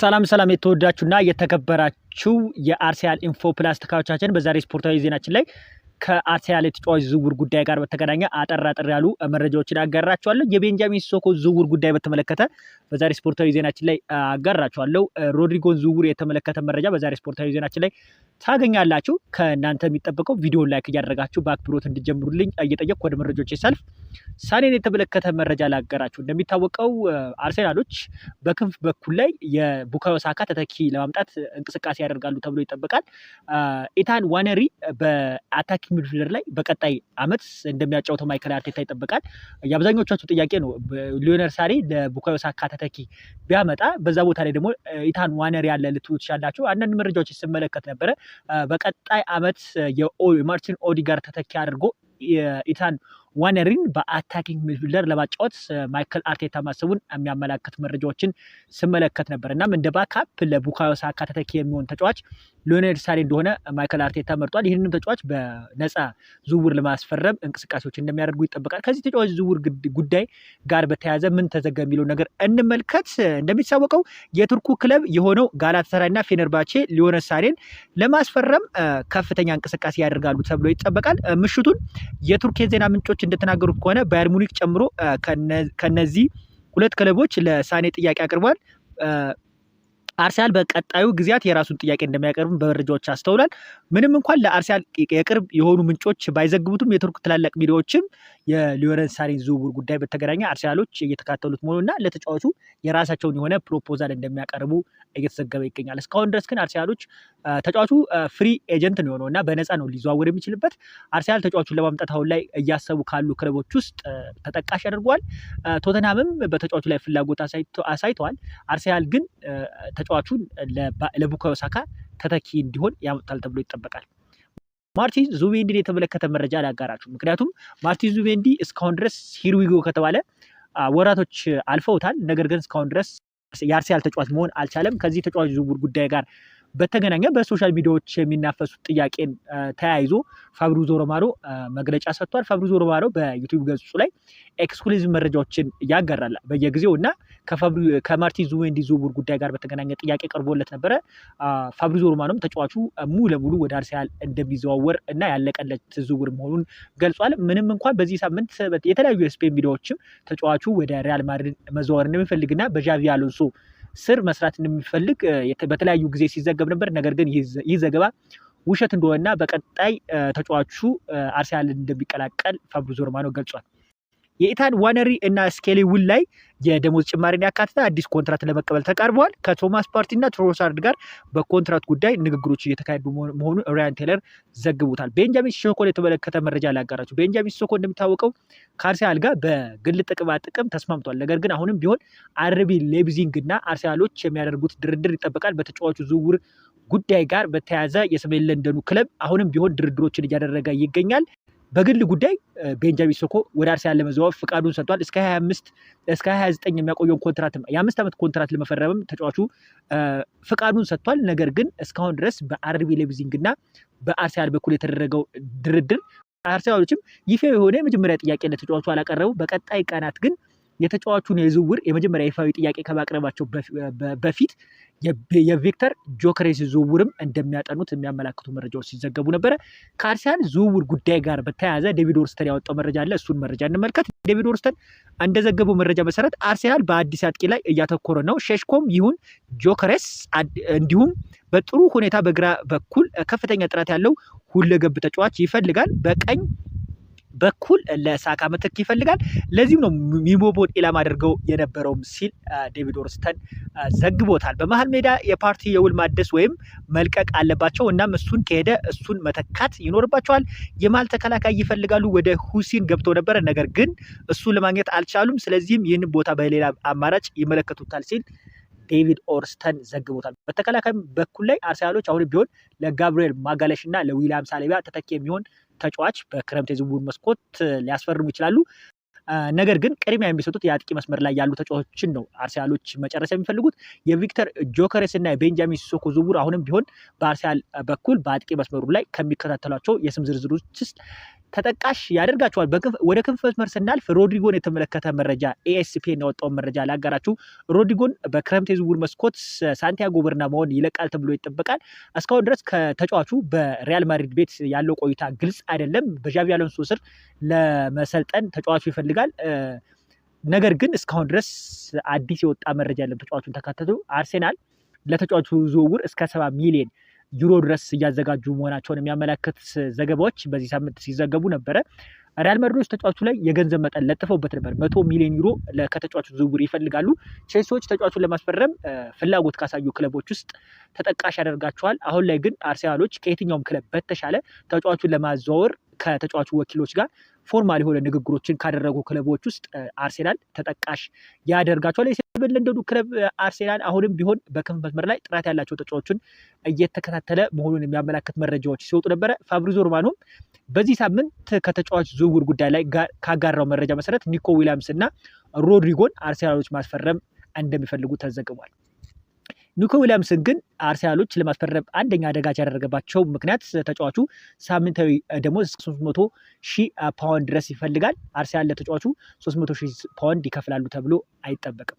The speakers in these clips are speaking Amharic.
ሰላም ሰላም የተወዳችሁና የተከበራችሁ የአርሰናል ኢንፎ ፕላስ ተካዮቻችን በዛሬ ስፖርታዊ ዜናችን ላይ ከአርሰናል የተጫዋች ዝውውር ጉዳይ ጋር በተገናኘ አጠር አጠር ያሉ መረጃዎችን አጋራችኋለሁ። የቤንጃሚን ሶኮ ዝውውር ጉዳይ በተመለከተ በዛሬ ስፖርታዊ ዜናችን ላይ አጋራችኋለሁ። ሮድሪጎን ዝውውር የተመለከተ መረጃ በዛሬ ስፖርታዊ ዜናችን ላይ ታገኛላችሁ። ከእናንተ የሚጠበቀው ቪዲዮ ላይክ እያደረጋችሁ በአክብሮት እንድጀምሩልኝ እየጠየቅኩ ወደ መረጃዎች ሳልፍ ሳኔን የተመለከተ መረጃ ላጋራችሁ። እንደሚታወቀው አርሴናሎች በክንፍ በኩል ላይ የቡካዮ ሳካ ተተኪ ለማምጣት እንቅስቃሴ ያደርጋሉ ተብሎ ይጠበቃል። ኢታን ዋነሪ በአታኪንግ ሚድፊልደር ላይ በቀጣይ አመት እንደሚያጫውተው ማይከል አርቴታ ይጠበቃል። የአብዛኞቻችሁ ጥያቄ ነው ሊዮነር ሳሬ ለቡካዮ ሳካ ተተኪ ቢያመጣ በዛ ቦታ ላይ ደግሞ ኢታን ዋነር ያለ ልትሉ ትችላላችሁ። አንዳንድ መረጃዎች ስመለከት ነበረ በቀጣይ አመት የማርቲን ኦዲጋር ተተኪ አድርጎ የኢታን ዋነሪን በአታኪንግ ሚድፊልደር ለማጫወት ማይክል አርቴታ ማሰቡን የሚያመላክት መረጃዎችን ስመለከት ነበር። እናም እንደ ባካፕ ለቡካዮ ሳካ ተተኪ የሚሆን ተጫዋች ሊዮኔል ሳሪ እንደሆነ ማይክል አርቴታ መርጧል። ይህንንም ተጫዋች በነፃ ዝውውር ለማስፈረም እንቅስቃሴዎች እንደሚያደርጉ ይጠበቃል። ከዚህ ተጫዋች ዝውውር ጉዳይ ጋር በተያያዘ ምን ተዘጋ የሚለው ነገር እንመልከት። እንደሚታወቀው የቱርኩ ክለብ የሆነው ጋላታሳራይና ፌነርባቼ ሊዮኔል ሳሪን ለማስፈረም ከፍተኛ እንቅስቃሴ ያደርጋሉ ተብሎ ይጠበቃል። ምሽቱን የቱርክ የዜና ምንጮች እንደተናገሩት ከሆነ ባየር ሙኒክ ጨምሮ ከነዚህ ሁለት ክለቦች ለሳኔ ጥያቄ አቅርቧል። አርሰናል በቀጣዩ ጊዜያት የራሱን ጥያቄ እንደሚያቀርብም በመረጃዎች አስተውሏል። ምንም እንኳን ለአርሰናል የቅርብ የሆኑ ምንጮች ባይዘግቡትም የቱርክ ትላላቅ ሚዲያዎችም የሊዮረን ሳሪን ዝውውር ጉዳይ በተገናኘ አርሰናሎች እየተካተሉት መሆኑና ለተጫዋቹ የራሳቸውን የሆነ ፕሮፖዛል እንደሚያቀርቡ እየተዘገበ ይገኛል። እስካሁን ድረስ ግን አርሰናሎች ተጫዋቹ ፍሪ ኤጀንት ነው የሆነው እና በነፃ ነው ሊዘዋወር የሚችልበት። አርሰናል ተጫዋቹን ለማምጣት አሁን ላይ እያሰቡ ካሉ ክለቦች ውስጥ ተጠቃሽ ያደርገዋል። ቶተንሃምም በተጫዋቹ ላይ ፍላጎት አሳይተዋል። አርሰናል ግን ተጫዋቹን ለቡካዮ ሳካ ተተኪ እንዲሆን ያመጣል ተብሎ ይጠበቃል። ማርቲን ዙቤንዲን የተመለከተ መረጃ አላጋራችሁ። ምክንያቱም ማርቲን ዙቤንዲ እስካሁን ድረስ ሂርዊጎ ከተባለ ወራቶች አልፈውታል። ነገር ግን እስካሁን ድረስ የአርሴናል ተጫዋች መሆን አልቻለም። ከዚህ ተጫዋች ዝውውር ጉዳይ ጋር በተገናኘ በሶሻል ሚዲያዎች የሚናፈሱት ጥያቄን ተያይዞ ፋብሪዞ ሮማኖ መግለጫ ሰጥቷል። ፋብሪዞ ሮማኖ በዩቲዩብ ገጹ ላይ ኤክስክሉዚቭ መረጃዎችን ያጋራል በየጊዜው እና ከማርቲን ዙቤሜንዲ ዝውውር ጉዳይ ጋር በተገናኘ ጥያቄ ቀርቦለት ነበረ። ፋብሪዞ ሮማኖም ተጫዋቹ ሙሉ ለሙሉ ወደ አርሰናል እንደሚዘዋወር እና ያለቀለት ዝውውር መሆኑን ገልጿል። ምንም እንኳን በዚህ ሳምንት የተለያዩ የስፔን ሚዲያዎችም ተጫዋቹ ወደ ሪያል ማድሪድ መዘዋወር እንደሚፈልግና በዣቪ አሎንሶ ስር መስራት እንደሚፈልግ በተለያዩ ጊዜ ሲዘገብ ነበር። ነገር ግን ይህ ዘገባ ውሸት እንደሆነና በቀጣይ ተጫዋቹ አርሰናልን እንደሚቀላቀል ፋብሪዞ ሮማኖ ገልጿል። የኢታን ዋነሪ እና ስኬሊ ውል ላይ የደሞዝ ጭማሪን ያካትተ አዲስ ኮንትራት ለመቀበል ተቃርበዋል። ከቶማስ ፓርቲ እና ትሮሳርድ ጋር በኮንትራት ጉዳይ ንግግሮች እየተካሄዱ መሆኑን ራያን ቴለር ዘግቦታል። ቤንጃሚን ሲሶኮን የተመለከተ መረጃ ላጋራቸው። ቤንጃሚን ሲሶኮ እንደሚታወቀው ከአርሰናል ጋር በግል ጥቅማ ጥቅም ተስማምቷል። ነገር ግን አሁንም ቢሆን አርቢ ሌብዚንግ እና አርሰናሎች የሚያደርጉት ድርድር ይጠበቃል። በተጫዋቹ ዝውውር ጉዳይ ጋር በተያያዘ የሰሜን ለንደኑ ክለብ አሁንም ቢሆን ድርድሮችን እያደረገ ይገኛል። በግል ጉዳይ ቤንጃሚን ሶኮ ወደ አርሰናል ለመዘዋወር ፍቃዱን ሰጥቷል። እስከ 25 እስከ 29 የሚያቆየውን ኮንትራት የአምስት ዓመት ኮንትራት ለመፈረምም ተጫዋቹ ፍቃዱን ሰጥቷል። ነገር ግን እስካሁን ድረስ በአርቢ ሌቪዚንግ እና በአርሰናል በኩል የተደረገው ድርድር አርሰናሎችም ይፋ የሆነ የመጀመሪያ ጥያቄ ለተጫዋቹ አላቀረቡ። በቀጣይ ቀናት ግን የተጫዋቹን የዝውውር የመጀመሪያ ይፋዊ ጥያቄ ከማቅረባቸው በፊት የቪክተር ጆከሬስ ዝውውርም እንደሚያጠኑት የሚያመላክቱ መረጃዎች ሲዘገቡ ነበረ። ከአርሰናል ዝውውር ጉዳይ ጋር በተያያዘ ዴቪድ ኦርስተን ያወጣው መረጃ አለ። እሱን መረጃ እንመልከት። ዴቪድ ኦርስተን እንደዘገበው መረጃ መሰረት አርሰናል በአዲስ አጥቂ ላይ እያተኮረ ነው። ሼሽኮም ይሁን ጆከሬስ እንዲሁም በጥሩ ሁኔታ በግራ በኩል ከፍተኛ ጥራት ያለው ሁለገብ ተጫዋች ይፈልጋል። በቀኝ በኩል ለሳካ ምትክ ይፈልጋል። ለዚህም ነው ሚሞቦን ኢላማ አድርገው የነበረውም ሲል ዴቪድ ኦርስተን ዘግቦታል። በመሀል ሜዳ የፓርቲ የውል ማደስ ወይም መልቀቅ አለባቸው። እናም እሱን ከሄደ እሱን መተካት ይኖርባቸዋል። የመሀል ተከላካይ ይፈልጋሉ። ወደ ሁሲን ገብተው ነበረ፣ ነገር ግን እሱ ለማግኘት አልቻሉም። ስለዚህም ይህንን ቦታ በሌላ አማራጭ ይመለከቱታል ሲል ዴቪድ ኦርስተን ዘግቦታል። በተከላካይ በኩል ላይ አርሰናሎች አሁን ቢሆን ለጋብሪኤል ማጋለሽ እና ለዊሊያም ሳሊባ ተተኪ የሚሆን ተጫዋች በክረምት የዝውውር መስኮት ሊያስፈርሙ ይችላሉ። ነገር ግን ቅድሚያ የሚሰጡት የአጥቂ መስመር ላይ ያሉ ተጫዋቾችን ነው አርሰናሎች መጨረስ የሚፈልጉት። የቪክተር ጆከሬስ እና የቤንጃሚን ሲሶኮ ዝውውር አሁንም ቢሆን በአርሰናል በኩል በአጥቂ መስመሩ ላይ ከሚከታተሏቸው የስም ዝርዝሮች ውስጥ ተጠቃሽ ያደርጋቸዋል። ወደ ክፍል መስመር ስናልፍ ሮድሪጎን የተመለከተ መረጃ ኤኤስፒኤን ያወጣውን መረጃ ላጋራችሁ። ሮድሪጎን በክረምት የዝውውር መስኮት ሳንቲያጎ መሆን ይለቃል ተብሎ ይጠበቃል። እስካሁን ድረስ ከተጫዋቹ በሪያል ማድሪድ ቤት ያለው ቆይታ ግልጽ አይደለም። በዣቪ አሎንሶ ስር ለመሰልጠን ተጫዋቹ ይፈልጋል። ነገር ግን እስካሁን ድረስ አዲስ የወጣ መረጃ የለም። ተጫዋቹን ተካተቱ አርሴናል ለተጫዋቹ ዝውውር እስከ ሰባ ሚሊዮን ዩሮ ድረስ እያዘጋጁ መሆናቸውን የሚያመላክት ዘገባዎች በዚህ ሳምንት ሲዘገቡ ነበረ። ሪያል ማድሪዶች ተጫዋቹ ላይ የገንዘብ መጠን ለጥፈውበት ነበር። መቶ ሚሊዮን ዩሮ ከተጫዋቹ ዝውውር ይፈልጋሉ። ቼልሲዎች ተጫዋቹን ለማስፈረም ፍላጎት ካሳዩ ክለቦች ውስጥ ተጠቃሽ ያደርጋቸዋል። አሁን ላይ ግን አርሰናሎች ከየትኛውም ክለብ በተሻለ ተጫዋቹን ለማዘዋወር ከተጫዋቹ ወኪሎች ጋር ፎርማል የሆነ ንግግሮችን ካደረጉ ክለቦች ውስጥ አርሴናል ተጠቃሽ ያደርጋቸዋል። የለንደኑ ክለብ አርሴናል አሁንም ቢሆን በክንፍ መስመር ላይ ጥራት ያላቸው ተጫዋቾችን እየተከታተለ መሆኑን የሚያመላክት መረጃዎች ሲወጡ ነበረ። ፋብሪዞ ሮማኖም በዚህ ሳምንት ከተጫዋች ዝውውር ጉዳይ ላይ ካጋራው መረጃ መሰረት ኒኮ ዊሊያምስ እና ሮድሪጎን አርሴናሎች ማስፈረም እንደሚፈልጉ ተዘግቧል። ኒኮ ዊሊያምስን ግን አርሰናሎች ለማስፈረም አንደኛ አደጋች ያደረገባቸው ምክንያት ተጫዋቹ ሳምንታዊ ደግሞ እስከ 300 ሺህ ፓውንድ ድረስ ይፈልጋል። አርሰናል ለተጫዋቹ 300 ሺህ ፓውንድ ይከፍላሉ ተብሎ አይጠበቅም።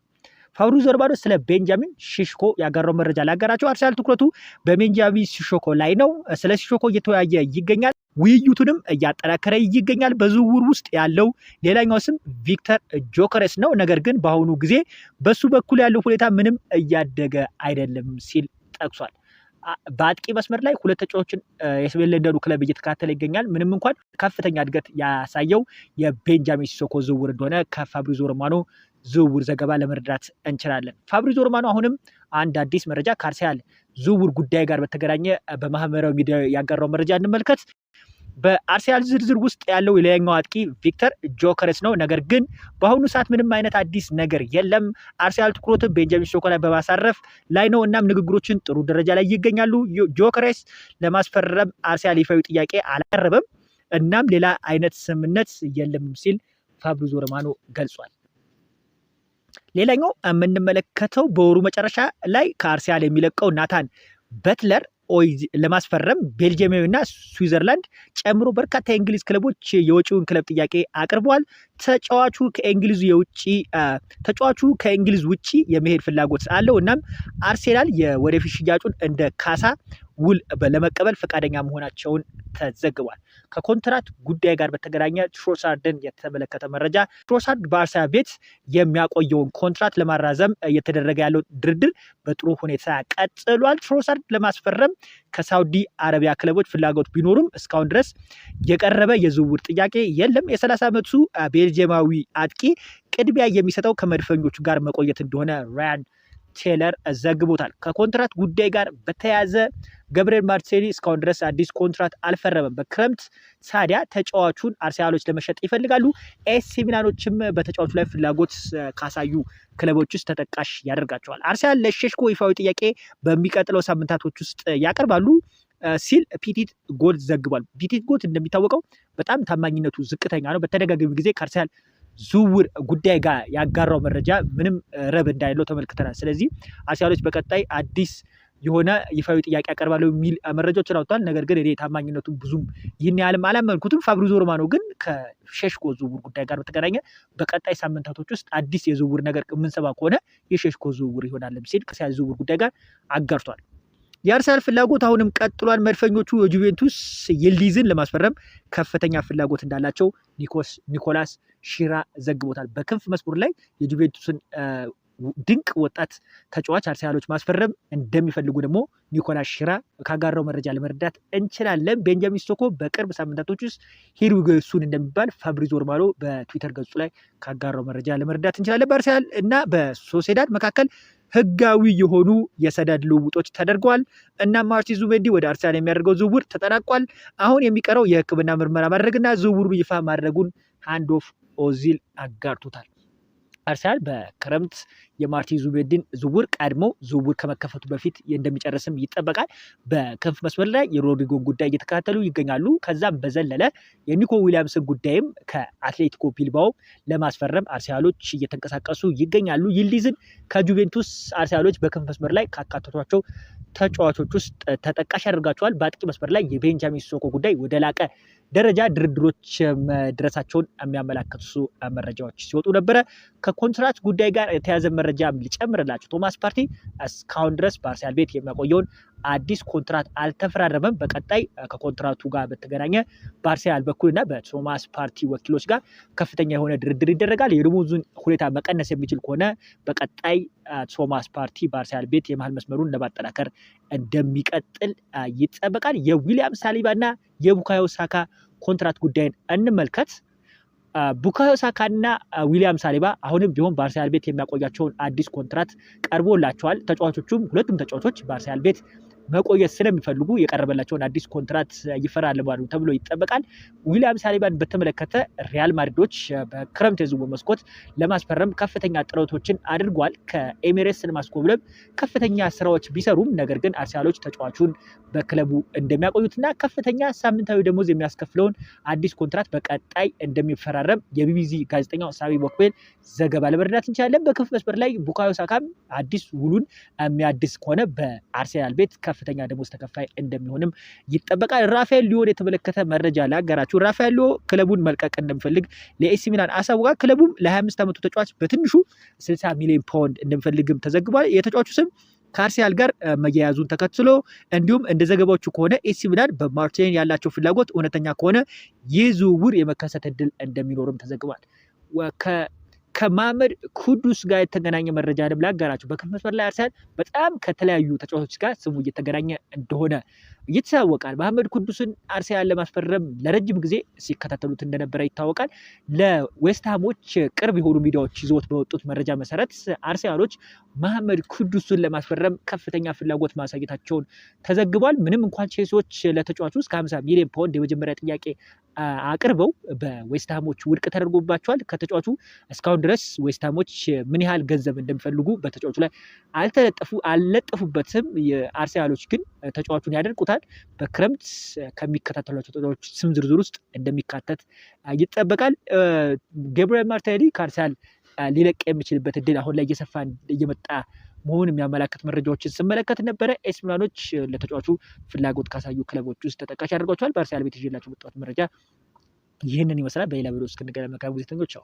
ፋብሩ ዞርባዶ ስለ ቤንጃሚን ሺሽኮ ያጋራው መረጃ ላገራቸው። አርሰናል ትኩረቱ በቤንጃሚን ሺሽኮ ላይ ነው። ስለ ሺሽኮ እየተወያየ ይገኛል። ውይይቱንም እያጠናከረ ይገኛል። በዝውውር ውስጥ ያለው ሌላኛው ስም ቪክተር ጆከረስ ነው። ነገር ግን በአሁኑ ጊዜ በሱ በኩል ያለው ሁኔታ ምንም እያደገ አይደለም ሲል ጠቅሷል። በአጥቂ መስመር ላይ ሁለት ተጫዋቾችን የሰሜን ለንደኑ ክለብ እየተከታተለ ይገኛል። ምንም እንኳን ከፍተኛ እድገት ያሳየው የቤንጃሚን ሲሶኮ ዝውውር እንደሆነ ከፋብሪዞ ሮማኖ ዝውውር ዘገባ ለመረዳት እንችላለን። ፋብሪዞ ሮማኖ አሁንም አንድ አዲስ መረጃ ከአርሰናል ዝውውር ጉዳይ ጋር በተገናኘ በማህበራዊ ሚዲያ ያጋራው መረጃ እንመልከት። በአርሰናል ዝርዝር ውስጥ ያለው የላይኛው አጥቂ ቪክተር ጆከረስ ነው። ነገር ግን በአሁኑ ሰዓት ምንም አይነት አዲስ ነገር የለም። አርሰናል ትኩረትን ቤንጃሚን ሼስኮ ላይ በማሳረፍ ላይ ነው። እናም ንግግሮችን ጥሩ ደረጃ ላይ ይገኛሉ። ጆከረስ ለማስፈረም አርሰናል ይፋዊ ጥያቄ አላቀረበም። እናም ሌላ አይነት ስምምነት የለም ሲል ፋብሪዞ ሮማኖ ገልጿል። ሌላኛው የምንመለከተው በወሩ መጨረሻ ላይ ከአርሰናል የሚለቀው ናታን በትለር ለማስፈረም እና ስዊዘርላንድ ጨምሮ በርካታ የእንግሊዝ ክለቦች የውጭውን ክለብ ጥያቄ አቅርበዋል። ተጫዋቹ ከእንግሊዙ የውጭ ተጫዋቹ ከእንግሊዝ ውጪ የመሄድ ፍላጎት አለው። እናም አርሴናል የወደፊት ሽያጩን እንደ ካሳ ውል ለመቀበል ፈቃደኛ መሆናቸውን ተዘግቧል። ከኮንትራት ጉዳይ ጋር በተገናኘ ትሮሳርድን የተመለከተ መረጃ ትሮሳርድ በአርሰናል ቤት የሚያቆየውን ኮንትራት ለማራዘም እየተደረገ ያለው ድርድር በጥሩ ሁኔታ ቀጥሏል። ትሮሳርድ ለማስፈረም ከሳውዲ አረቢያ ክለቦች ፍላጎት ቢኖሩም እስካሁን ድረስ የቀረበ የዝውውር ጥያቄ የለም። ዓመቱ ቤልጅየማዊ አጥቂ ቅድሚያ የሚሰጠው ከመድፈኞቹ ጋር መቆየት እንደሆነ ራያን ቴለር ዘግቦታል። ከኮንትራት ጉዳይ ጋር በተያያዘ ገብርኤል ማርቲኔሊ እስካሁን ድረስ አዲስ ኮንትራት አልፈረመም። በክረምት ታዲያ ተጫዋቹን አርሰናሎች ለመሸጥ ይፈልጋሉ። ኤሲ ሚላኖችም በተጫዋቹ ላይ ፍላጎት ካሳዩ ክለቦች ውስጥ ተጠቃሽ ያደርጋቸዋል። አርሰናል ለሼሽኮ ይፋዊ ጥያቄ በሚቀጥለው ሳምንታቶች ውስጥ ያቀርባሉ ሲል ፒቲት ጎልድ ዘግቧል። ፒቲት ጎልድ እንደሚታወቀው በጣም ታማኝነቱ ዝቅተኛ ነው። በተደጋጋሚ ጊዜ ከአርሰናል ዝውውር ጉዳይ ጋር ያጋራው መረጃ ምንም ረብ እንዳይለው ተመልክተናል። ስለዚህ አሲያሎች በቀጣይ አዲስ የሆነ ይፋዊ ጥያቄ ያቀርባለሁ የሚል መረጃዎችን አውጥቷል። ነገር ግን እኔ ታማኝነቱን ብዙም ይህን ያህልም አላመልኩትም። ፋብሪዞ ሮማኖ ግን ከሸሽኮ ዝውውር ጉዳይ ጋር በተገናኘ በቀጣይ ሳምንታቶች ውስጥ አዲስ የዝውውር ነገር የምንሰማ ከሆነ የሸሽኮ ዝውውር ይሆናል ሲል ከዚያ ዝውውር ጉዳይ ጋር አጋርቷል። የአርሰናል ፍላጎት አሁንም ቀጥሏል። መድፈኞቹ የጁቬንቱስ የሊዝን ለማስፈረም ከፍተኛ ፍላጎት እንዳላቸው ኒኮላስ ሺራ ዘግቦታል። በክንፍ መስመር ላይ የጁቬንቱስን ድንቅ ወጣት ተጫዋች አርሰናሎች ማስፈረም እንደሚፈልጉ ደግሞ ኒኮላስ ሺራ ካጋራው መረጃ ለመረዳት እንችላለን። ቤንጃሚን ስቶኮ በቅርብ ሳምንታቶች ውስጥ ሂርዊጎ እንደሚባል ፋብሪዞ ሮማኖ በትዊተር ገጹ ላይ ካጋራው መረጃ ለመረዳት እንችላለን። በአርሰናል እና በሶሴዳድ መካከል ህጋዊ የሆኑ የሰነድ ልውውጦች ተደርገዋል። እናም ማርቲ ዙቤንዲ ወደ አርሰናል የሚያደርገው ዝውውር ተጠናቋል። አሁን የሚቀረው የህክምና ምርመራ ማድረግና ዝውውሩ ይፋ ማድረጉን ሃንድ ኦፍ ኦዚል አጋርቶታል። አርሰናል በክረምት የማርቲን ዙቤድን ዝውውር ቀድሞ ዝውውር ከመከፈቱ በፊት እንደሚጨርስም ይጠበቃል። በክንፍ መስመር ላይ የሮድሪጎን ጉዳይ እየተከታተሉ ይገኛሉ። ከዛም በዘለለ የኒኮ ዊሊያምስን ጉዳይም ከአትሌቲኮ ቢልባኦ ለማስፈረም አርሰናሎች እየተንቀሳቀሱ ይገኛሉ። ይልዲዝን ከጁቬንቱስ አርሰናሎች በክንፍ መስመር ላይ ካካተቷቸው ተጫዋቾች ውስጥ ተጠቃሽ ያደርጋቸዋል። በአጥቂ መስመር ላይ የቤንጃሚን ሶኮ ጉዳይ ወደ ላቀ ደረጃ ድርድሮች መድረሳቸውን የሚያመላክቱ መረጃዎች ሲወጡ ነበረ። ከኮንትራት ጉዳይ ጋር የተያዘ መረ መረጃ ልጨምርላችሁ። ቶማስ ፓርቲ እስካሁን ድረስ በአርሰናል ቤት የሚያቆየውን አዲስ ኮንትራት አልተፈራረመም። በቀጣይ ከኮንትራቱ ጋር በተገናኘ በአርሰናል እና በቶማስ ፓርቲ ወኪሎች ጋር ከፍተኛ የሆነ ድርድር ይደረጋል። የደሞዙን ሁኔታ መቀነስ የሚችል ከሆነ በቀጣይ ቶማስ ፓርቲ በአርሰናል ቤት የመሀል መስመሩን ለማጠናከር እንደሚቀጥል ይጠበቃል። የዊሊያም ሳሊባና የቡካዮ ሳካ ኮንትራት ጉዳይን እንመልከት። ቡካዮ ሳካና ዊሊያም ሳሊባ አሁንም ቢሆን ባርሳያል ቤት የሚያቆያቸውን አዲስ ኮንትራት ቀርቦላቸዋል። ተጫዋቾቹም ሁለቱም ተጫዋቾች ባርሳያል ቤት መቆየት ስለሚፈልጉ የቀረበላቸውን አዲስ ኮንትራት ይፈራረማሉ ተብሎ ይጠበቃል። ዊሊያም ሳሊባን በተመለከተ ሪያል ማድሪዶች በክረምት የዝውውር መስኮት ለማስፈረም ከፍተኛ ጥረቶችን አድርጓል። ከኤሚሬትስ ለማስኮብለም ከፍተኛ ስራዎች ቢሰሩም ነገር ግን አርሰናሎች ተጫዋቹን በክለቡ እንደሚያቆዩትና ከፍተኛ ሳምንታዊ ደሞዝ የሚያስከፍለውን አዲስ ኮንትራት በቀጣይ እንደሚፈራረም የቢቢሲ ጋዜጠኛው ሳቢ ቦክቤል ዘገባ ለመረዳት እንችላለን። በክፍ መስመር ላይ ቡካዮ ሳካም አዲስ ውሉን የሚያድስ ከሆነ በአርሰናል ቤት ከፍ ከፍተኛ ደሞዝ ተከፋይ እንደሚሆንም ይጠበቃል። ራፋኤል ሊዮን የተመለከተ መረጃ ላጋራችሁ። ራፋኤል ሊዮ ክለቡን መልቀቅ እንደሚፈልግ ለኤሲ ሚላን አሳውቋል። ክለቡም ለ25 ዓመቱ ተጫዋች በትንሹ 60 ሚሊዮን ፓውንድ እንደሚፈልግም ተዘግቧል። የተጫዋቹ ስም ከአርሰናል ጋር መያያዙን ተከትሎ እንዲሁም እንደ ዘገባዎቹ ከሆነ ኤሲ ሚላን በማርቴን ያላቸው ፍላጎት እውነተኛ ከሆነ ይህ ዝውውር የመከሰት እድል እንደሚኖርም ተዘግቧል። ከማመድ ኩዱስ ጋር የተገናኘ መረጃ አይደለም ላጋራችሁ። በክፍል መስመር ላይ አርሰናል በጣም ከተለያዩ ተጫዋቾች ጋር ስሙ እየተገናኘ እንደሆነ ይታወቃል። መሐመድ ኩዱስን አርሰናል ለማስፈረም ለረጅም ጊዜ ሲከታተሉት እንደነበረ ይታወቃል። ለዌስትሃሞች ቅርብ የሆኑ ሚዲያዎች ይዘውት በወጡት መረጃ መሰረት አርሰናሎች መሐመድ ኩዱስን ለማስፈረም ከፍተኛ ፍላጎት ማሳየታቸውን ተዘግቧል። ምንም እንኳን ቼልሲዎች ለተጫዋቹ እስከ 50 ሚሊዮን ፓውንድ የመጀመሪያ ጥያቄ አቅርበው በዌስትሃሞች ውድቅ ተደርጎባቸዋል። ከተጫዋቹ እስካሁን ድረስ ዌስትሃሞች ምን ያህል ገንዘብ እንደሚፈልጉ በተጫዋቹ ላይ አልተለጠፉ አልለጠፉበትም። አርሰናሎች ግን ተጫዋቹን ያደርቁታል። ይኖራል። በክረምት ከሚከታተሏቸው ተጫዋቾች ስም ዝርዝር ውስጥ እንደሚካተት ይጠበቃል። ገብርኤል ማርቲኔሊ ከአርሰናል ሊለቅ የሚችልበት እድል አሁን ላይ እየሰፋ እየመጣ መሆኑን የሚያመላክት መረጃዎችን ስመለከት ነበረ። ኤሲ ሚላኖች ለተጫዋቹ ፍላጎት ካሳዩ ክለቦች ውስጥ ተጠቃሽ አድርጓቸዋል። በአርሰናል ቤት ይዤላቸው መጣሁት መረጃ ይህንን ይመስላል። በሌላ ቪዲዮ እስክንገናኝ መልካም ጊዜ ተኞች።